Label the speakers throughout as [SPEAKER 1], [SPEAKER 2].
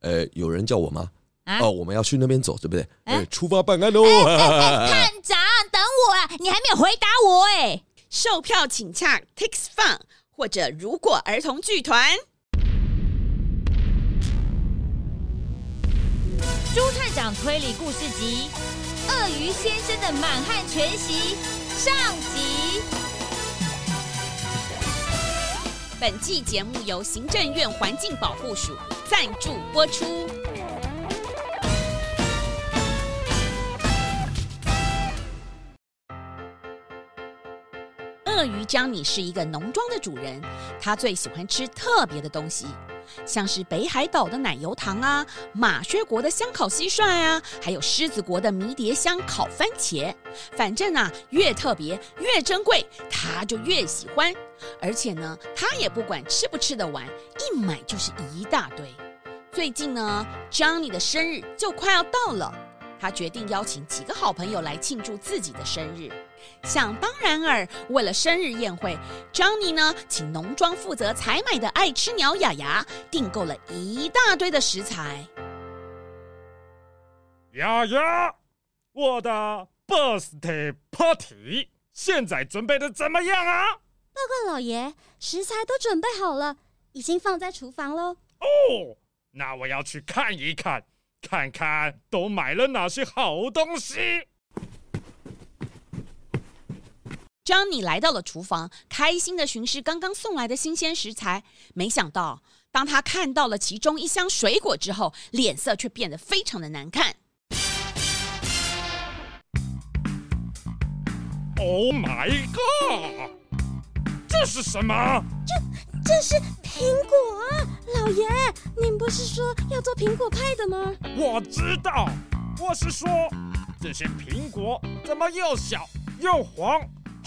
[SPEAKER 1] 呃，有人叫我嗎？啊，哦，我們要去那邊走，對不對？哎、啊呃，出發辦案嘍、欸欸欸！探
[SPEAKER 2] 長，等我啊！你還沒有回答我哎、欸。售票請洽《Tix Fun》，或者如果兒童劇團。豬探長推理故事集《鱷魚先生的滿漢全席》上集。本季節目由行政院環境保護署贊助播出。鱷魚強尼是一個農莊的主人，他最喜歡吃特別的東西。像是北海島的奶油糖啊，馬靴國的香烤蟋蟀啊，還有獅子國的迷迭香烤番茄。反正啊，越特別越珍貴，他就越喜歡。而且呢，他也不管吃不吃得完，一買就是一大堆。最近呢，Jonny 的生日就快要到了，他決定邀請幾個好朋友來慶祝自己的生日。想當然爾，為了生日宴會，Jonny 呢請農莊負責採買的愛吃鳥牙牙訂購了一大堆的食材。
[SPEAKER 3] 牙牙，我的 birthday party 現在準備的怎麼樣啊？
[SPEAKER 4] 報告老爺，食材都準備好了，已經放在廚房嘍。
[SPEAKER 3] 哦，那我要去看一看，看看都買了哪些好東西。
[SPEAKER 2] Jonny 來到了廚房，開心的巡視剛剛送來的新鮮食材。沒想到，當他看到了其中一箱水果之後，臉色卻變得非常的難看。
[SPEAKER 3] Oh my God！這是什麼？這
[SPEAKER 4] 這是蘋果，老爺，
[SPEAKER 3] 您不是說要做蘋果派的嗎？我知道，我是說，這些蘋果怎麼又小又黃？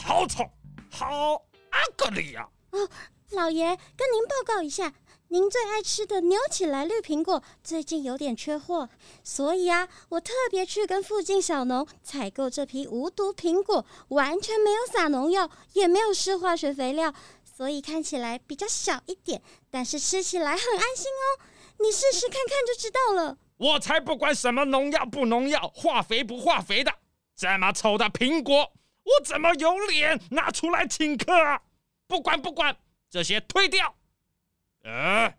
[SPEAKER 3] 好醜，好阿格里呀。
[SPEAKER 4] 哦，oh，老爺，跟您報告一下，您最愛吃的紐西蘭綠蘋果最近有點缺貨，所以啊，我特別去跟附近小農採購這批無毒蘋果，完全沒有撒農藥，也沒有施化學肥料，所以看起來比較小一點，但是吃起來很安
[SPEAKER 3] 心哦。你試試看看就知道了。我才不管什麼農藥不農藥，化肥不化肥的，這麼醜的蘋果。我怎麼有臉拿出來請客啊？不管不管，這些退掉。啊、呃，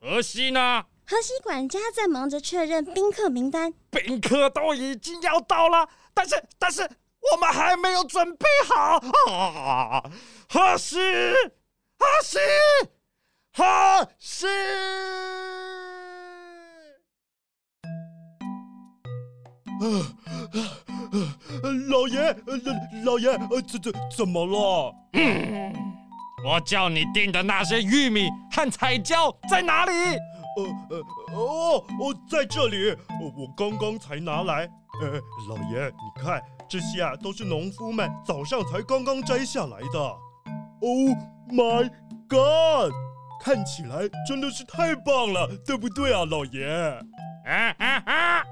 [SPEAKER 3] 河西呢？
[SPEAKER 4] 河西管家在忙着確認賓客名單。賓客都已
[SPEAKER 3] 經要到了，但是但是我們還沒有準備好。啊，河西，河西，河西。呃、啊啊啊，老爺，老
[SPEAKER 5] 老爺、啊，這這怎麼了？嗯，
[SPEAKER 3] 我叫你訂的那些玉米和彩椒在哪裡？呃呃哦哦，哦，在這裡、哦，我剛剛才拿來。
[SPEAKER 5] 呃，老爺，你看這些啊，都是農夫們早上才剛剛摘下來的。Oh my god，看起來真的是太棒了，對不對啊，老爺？啊啊
[SPEAKER 3] 啊！啊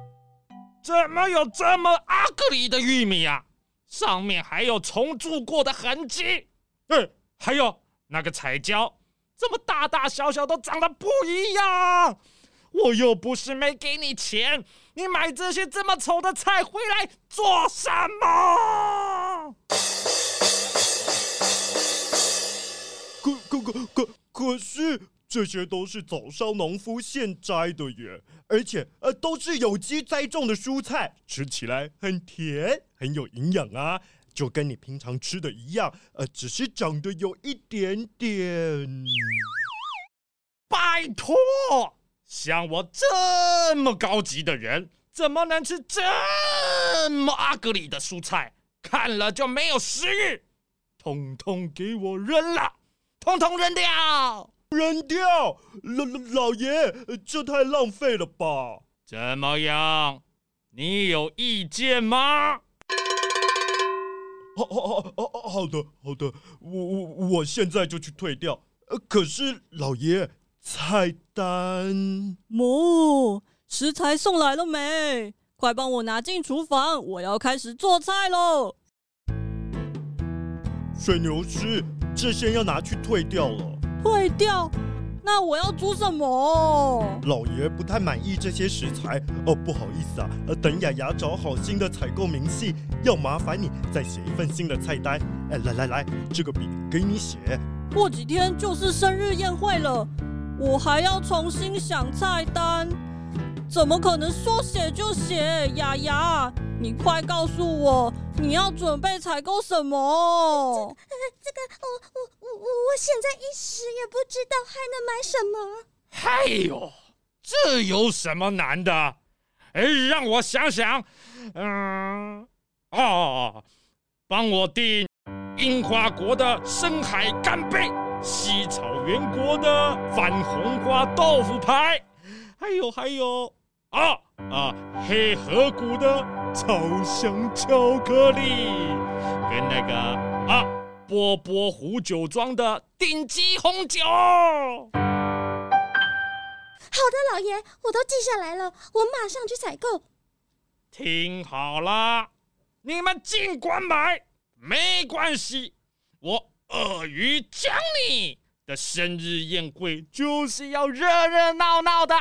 [SPEAKER 3] 怎麼有這麼阿格里的玉米啊？上面還有蟲蛀過的痕跡。嗯，還有那個彩椒，這麼大大小小都長得不一樣啊。我又不是沒給你錢，你買這些這麼醜的菜回來做什麼？
[SPEAKER 5] 可可可可，可是。這些都是早上農夫現摘的耶，而且呃都是有機栽種的蔬菜，吃起來很甜，很有營養啊，就跟你平常吃的一樣，呃，只
[SPEAKER 3] 是長得有一點點。拜託，像我這麼高級的人，怎麼能吃這麼阿格里的蔬菜？看了就沒有食慾，統統給我扔了，統統扔掉。扔掉，老
[SPEAKER 5] 老爺，這太浪費了吧？
[SPEAKER 3] 怎麼樣？你有意見嗎？好，好，好，好，好的好的，
[SPEAKER 5] 我我我現在就去退掉。可是老爺，菜單，母
[SPEAKER 6] 食材送來了沒？快幫我拿進
[SPEAKER 5] 廚房，我要開始
[SPEAKER 6] 做菜嘍。
[SPEAKER 5] 水牛師，這些要拿去退掉了。退掉？那我要煮什麼？老爺不太滿意這些食材哦，不好意思啊，等牙牙找好新的採購明細，要麻煩你再寫一份新的菜單。哎，來來來，這個筆給你寫。過幾天就是生日宴會了，我還要重
[SPEAKER 6] 新想菜單。怎麼可能說寫就寫？牙牙，你快告訴我，你要準備採購什麼？這、呃這個，我我我我我現在一時也不知道還能買什麼。
[SPEAKER 3] 嗨、哎、喲，這有什麼難的？哎，讓我想想，嗯，哦、啊，幫我訂櫻花國的深海干貝，西草原國的粉紅花豆腐排，還有還有。哎呦哎呦啊啊，黑河谷的超香巧克力，跟那個啊，波波湖酒莊的頂級紅酒。好的，老爺，我都記下來了，我馬上去採購。聽好了，你們儘管買，沒關係，我鱷魚，魚講你的生日宴會
[SPEAKER 2] 就是要熱熱鬧鬧的，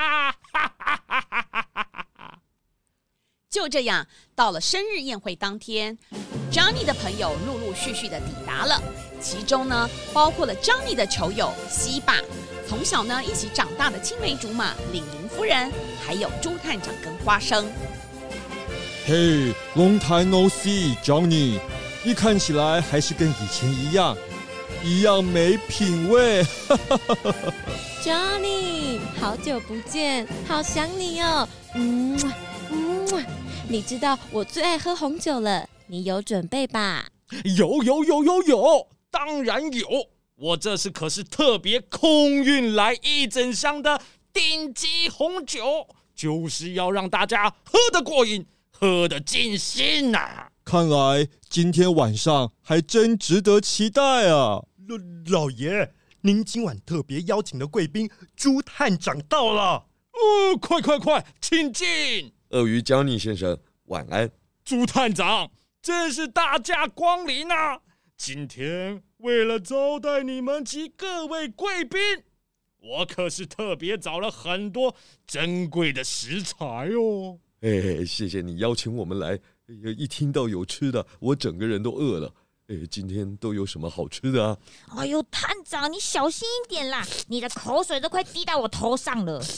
[SPEAKER 2] 就這樣到了生日宴會當天，Johnny 的朋友陸陸續續的抵達了，其中呢包括了 Johnny 的球友西巴、從小呢一起長大的青梅竹馬李林夫人，還有豬探長跟花生。
[SPEAKER 1] 嘿，Long time no see，Johnny，你看起來還是跟以前一樣。一樣沒品味
[SPEAKER 2] ，Johnny，
[SPEAKER 4] 好久不見，好想你哦。嗯，嗯，你知道我最愛喝紅酒了，你有準備吧？
[SPEAKER 3] 有有有有有，當然有。我這次可是特別空運來一整箱的頂級紅酒，就是要讓大家喝得過癮，喝得盡興吶。
[SPEAKER 1] 看來今天晚上還真值得期待啊。
[SPEAKER 5] 老，老爺，您今晚特別邀請的貴賓朱探長
[SPEAKER 3] 到了。哦，快快快，請進。鱷魚江尼先生，晚安。朱探長真是大駕光臨啊！今天為了招待你們及各位貴賓，我可是特別找了很多珍貴的食材
[SPEAKER 1] 哦。哎，謝謝你邀請我們來，一聽到有吃的，我整個人都餓了。誒，今天都有什麼好吃
[SPEAKER 3] 的啊？
[SPEAKER 6] 哎呦，探長，你小心一點啦！你的口水都快滴到我頭上
[SPEAKER 3] 了。嘿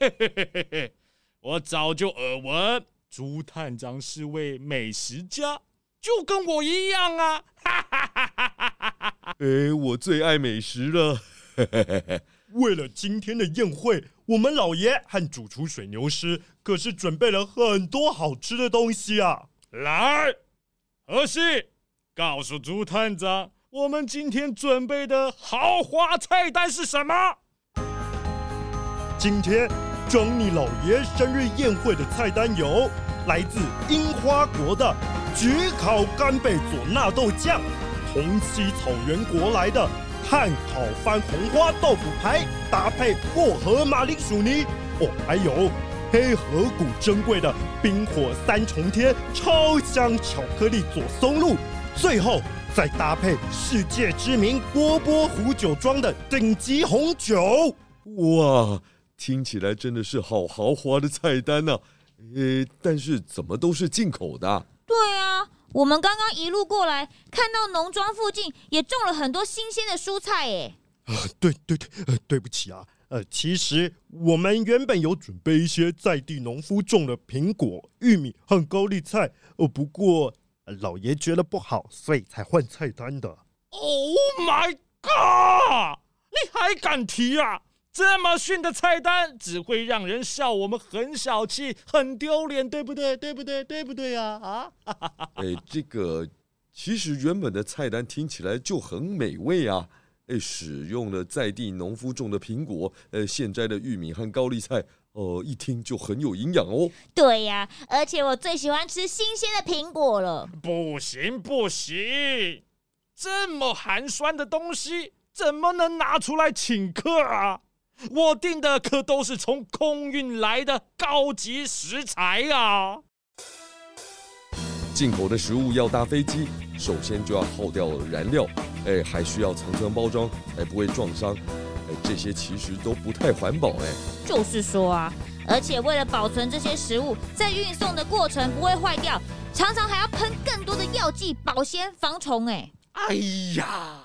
[SPEAKER 3] 嘿嘿嘿嘿嘿，我早就耳聞，豬探長是位美食家，就跟我一樣啊！哈哈哈哈
[SPEAKER 1] 哈哈，哎，我最愛美食了。
[SPEAKER 3] 為了今天的宴
[SPEAKER 5] 會，我們老爺和主廚水牛師可是準備了很多好吃的
[SPEAKER 3] 東西啊！來，兒媳。告訴豬探長，我們今天準備的豪華菜單是什麼？
[SPEAKER 5] 今天，莊尼老爺生日宴會的菜單有來自櫻花國的焗烤干貝佐納豆醬，紅西草原國來的炭烤番紅花豆腐排搭配薄荷馬鈴薯泥，哦，還有黑河谷珍貴的冰火三重天超香巧克力佐松露。最後再搭配世界知名波波湖酒莊的頂級紅酒，哇，
[SPEAKER 1] 聽起來真的是好豪華的菜單呢啊。呃，但是怎麼都
[SPEAKER 5] 是進口的
[SPEAKER 6] 啊？對啊，我們剛剛一路過來，看到農莊附近也種了很多新鮮的蔬菜，哎。
[SPEAKER 5] 啊，對對對，對不起啊，呃，其實我們原本有準備一些在地農夫種的蘋果、玉米和高麗菜，哦，不過。老爺覺得不好，所以才換菜單的。
[SPEAKER 3] Oh my god！你還敢提啊？這麼遜的菜單，只會讓人笑我們很小氣、很丟臉，對不對？對不對？對不對啊？啊 ！
[SPEAKER 1] 誒，這個其實原本的菜單聽起來就很美味啊！誒，使用了在地農夫種的蘋果，呃，現摘的玉米和高麗菜。呃，一聽就很有營養哦。
[SPEAKER 6] 對呀、啊，而且我最喜
[SPEAKER 3] 歡吃新鮮的蘋果了。不行不行，這麼寒酸的東西怎麼能拿出來請客啊？我訂的可都是從空運來的高級食材啊！
[SPEAKER 1] 進口的食物要搭飛機，首先就要耗掉燃料，誒，還需要層層包裝，哎，才不會撞傷。這些其實都不太環保，哎，
[SPEAKER 6] 就是說啊，而且為了保存這些食物，在運送的過程不會壞掉，常常還要噴更多的藥劑保鮮防蟲，哎，
[SPEAKER 3] 哎呀，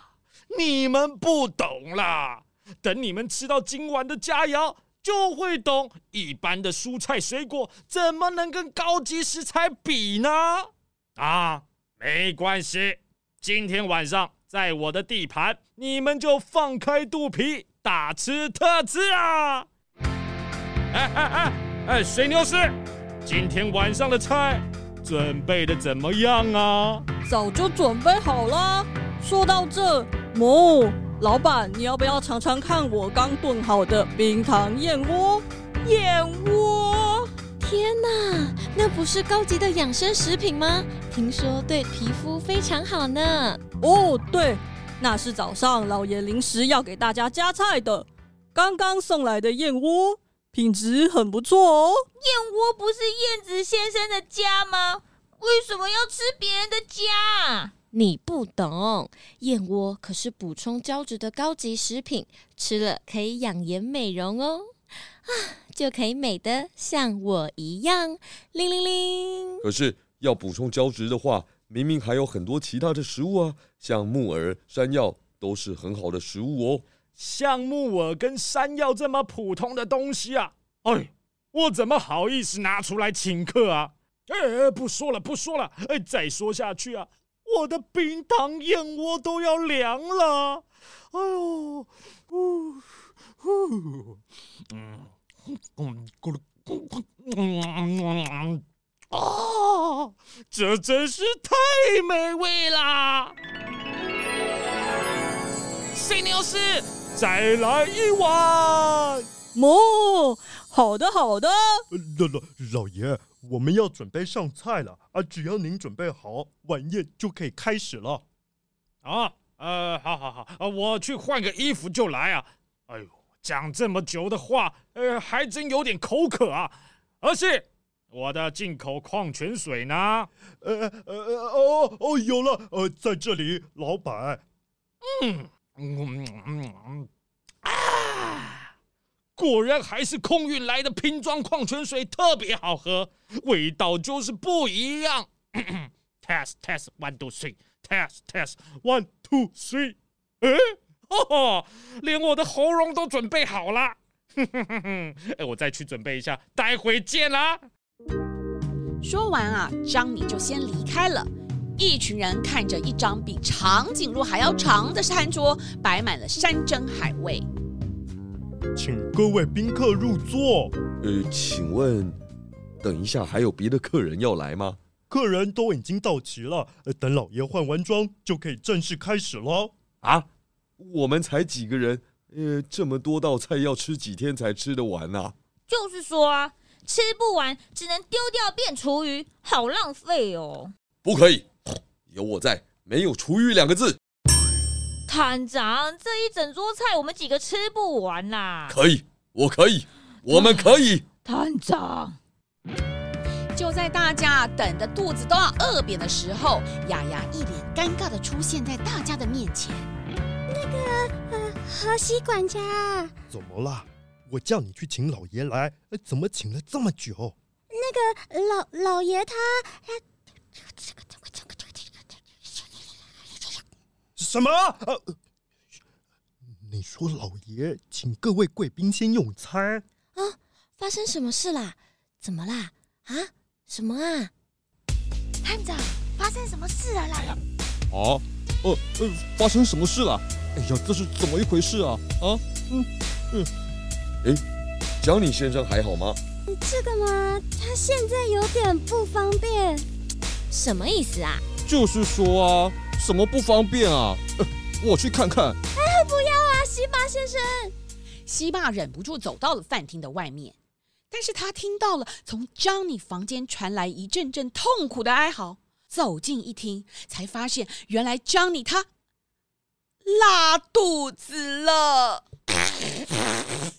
[SPEAKER 3] 你們不懂啦，等你們吃到今晚的佳餚，就會懂一般的蔬菜水果怎麼能跟高級食材比呢？啊，沒關係，今天晚上在我的地盤，你們就放開肚皮。大吃特吃啊！哎哎哎哎，水牛師，今天晚上的菜準備的怎麼樣啊？
[SPEAKER 6] 早就準備好了。說到這，哦，老闆，你要不要嘗嘗看我剛燉好的冰糖燕窩？燕窩！天哪，那不是高級的養生食品嗎？聽說對皮膚非常好呢。哦，對。那是早上老爺臨時要給大家加菜的，剛剛送來的燕窩品質很不錯哦。燕窩不是燕子先生的家嗎？為什麼要吃別人的家？你不懂，燕
[SPEAKER 4] 窩可是補充膠質的高級食品，吃了可以養顏美容哦。啊，就可以美得像我一樣。鈴鈴鈴。
[SPEAKER 1] 可是要補充膠質的話，明明還有很多其他的食物啊，像木耳、
[SPEAKER 3] 山藥都是很好的食物哦。像木耳跟山藥這麼普通的東西啊，哎，我怎麼好意思拿出來請客啊？哎，哎，不說了，不說了，哎，再說下去啊，我的冰糖燕窩都要涼了。哎呦，嗚，嗚，嗯，咕嚕咕嗯嗯嗯。哦，這真是太美味啦！犀牛斯，再來一碗。
[SPEAKER 5] 哦，好的好的。老老老爺，我們要準備上菜了啊！只要您準備好，晚宴就可以開始了。
[SPEAKER 3] 啊，呃，好好好，啊，我去換個衣服就來啊。哎呦，講這麼久的話，呃，還真有點口渴啊。而是。我的進口礦泉水呢？呃呃呃哦哦，有了！呃，在這裡，老板。嗯嗯嗯啊！果然還是空運來的瓶裝礦泉水特別好喝，味道就是不一樣。咳咳 Test test one two three. Test test one two three. 哎，哈、哦、哈，連我的喉嚨都準備好了。哎，我再去準備一下，待會見啦、啊。
[SPEAKER 2] 說完啊，張敏就先離開了。一群人看着一張比長頸鹿還要長的餐桌，擺滿了山珍海味，
[SPEAKER 5] 請各位
[SPEAKER 1] 賓客入座。呃，請問，等一下還有別的客人要來嗎？
[SPEAKER 5] 客人都已經到齊了，呃、等老爺換完裝就可以正式開始了。啊，我們才幾個人？呃，這麼多道菜要吃幾天才
[SPEAKER 1] 吃得完呢、啊？
[SPEAKER 6] 就是說啊。吃不完只能丟掉變廚餘，好浪費哦！
[SPEAKER 1] 不可以，有我在，沒有“廚餘”兩個字。
[SPEAKER 6] 探長，這一整桌菜我們幾個吃不完啦，啊！可
[SPEAKER 1] 以，我可以，我們可以。啊，探長，
[SPEAKER 2] 就在大家等得肚子都要餓扁的時候，牙牙一臉尷尬的出現在大家的面前。那個，呃，河西管家，
[SPEAKER 5] 怎麼了？我叫你去請老爺來，怎麼請了這麼久？
[SPEAKER 4] 那個老老爺他……
[SPEAKER 5] 什麼？啊，你說老爺請各位貴賓先用餐
[SPEAKER 4] 啊，哦？發生什麼事啦？怎麼啦？啊？什麼啊？探長，發生什麼事了啦？哦，
[SPEAKER 1] 啊，哦，呃呃，發生什麼事了？哎呀，這是怎麼一回事啊？啊，嗯嗯。哎，Johnny 先生還好嗎？
[SPEAKER 4] 這個嘛，他現在有點不方便。
[SPEAKER 2] 什麼意思啊？
[SPEAKER 1] 就是說啊，什麼不方便啊？呃，我去看看。
[SPEAKER 2] 哎，不要啊，西巴先生。西巴忍不住走到了飯廳的外面，但是他聽到了從 Johnny 房間傳來一陣陣痛苦的哀嚎。走近一聽，才發現原來 Johnny 他拉肚子了。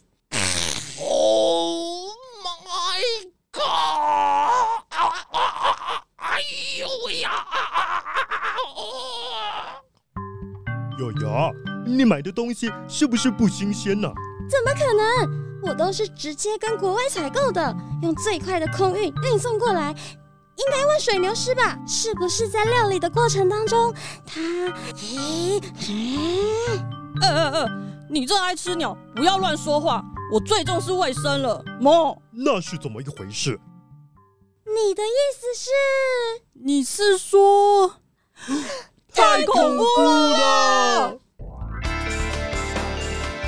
[SPEAKER 3] Oh my god、啊啊
[SPEAKER 4] 啊、哎呦喂呀啊啊啊啊啊啊
[SPEAKER 5] 哦喲喲，你買的東西是不是不新鮮呢？啊、
[SPEAKER 4] 怎麼可能，我都是直接跟國外採購的，用最快的空運運送過來，應該問水牛師吧，是不是在料理的過程當中他咦咦
[SPEAKER 6] 呃呃呃，你這愛吃鳥不要亂說話我最重視衛生了，
[SPEAKER 5] 媽，那是怎麼一回事？
[SPEAKER 6] 你的意思是，
[SPEAKER 2] 你是說，太恐怖了！太恐怖了！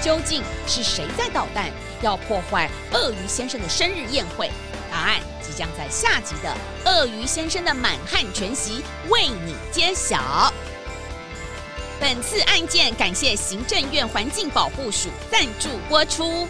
[SPEAKER 2] 究竟是誰在搗蛋，要破壞鱷魚先生的生日宴會？答案即將在下集的《鱷魚先生的滿漢全席》為你揭曉。本次案件感謝行政院環境保護署贊助播出。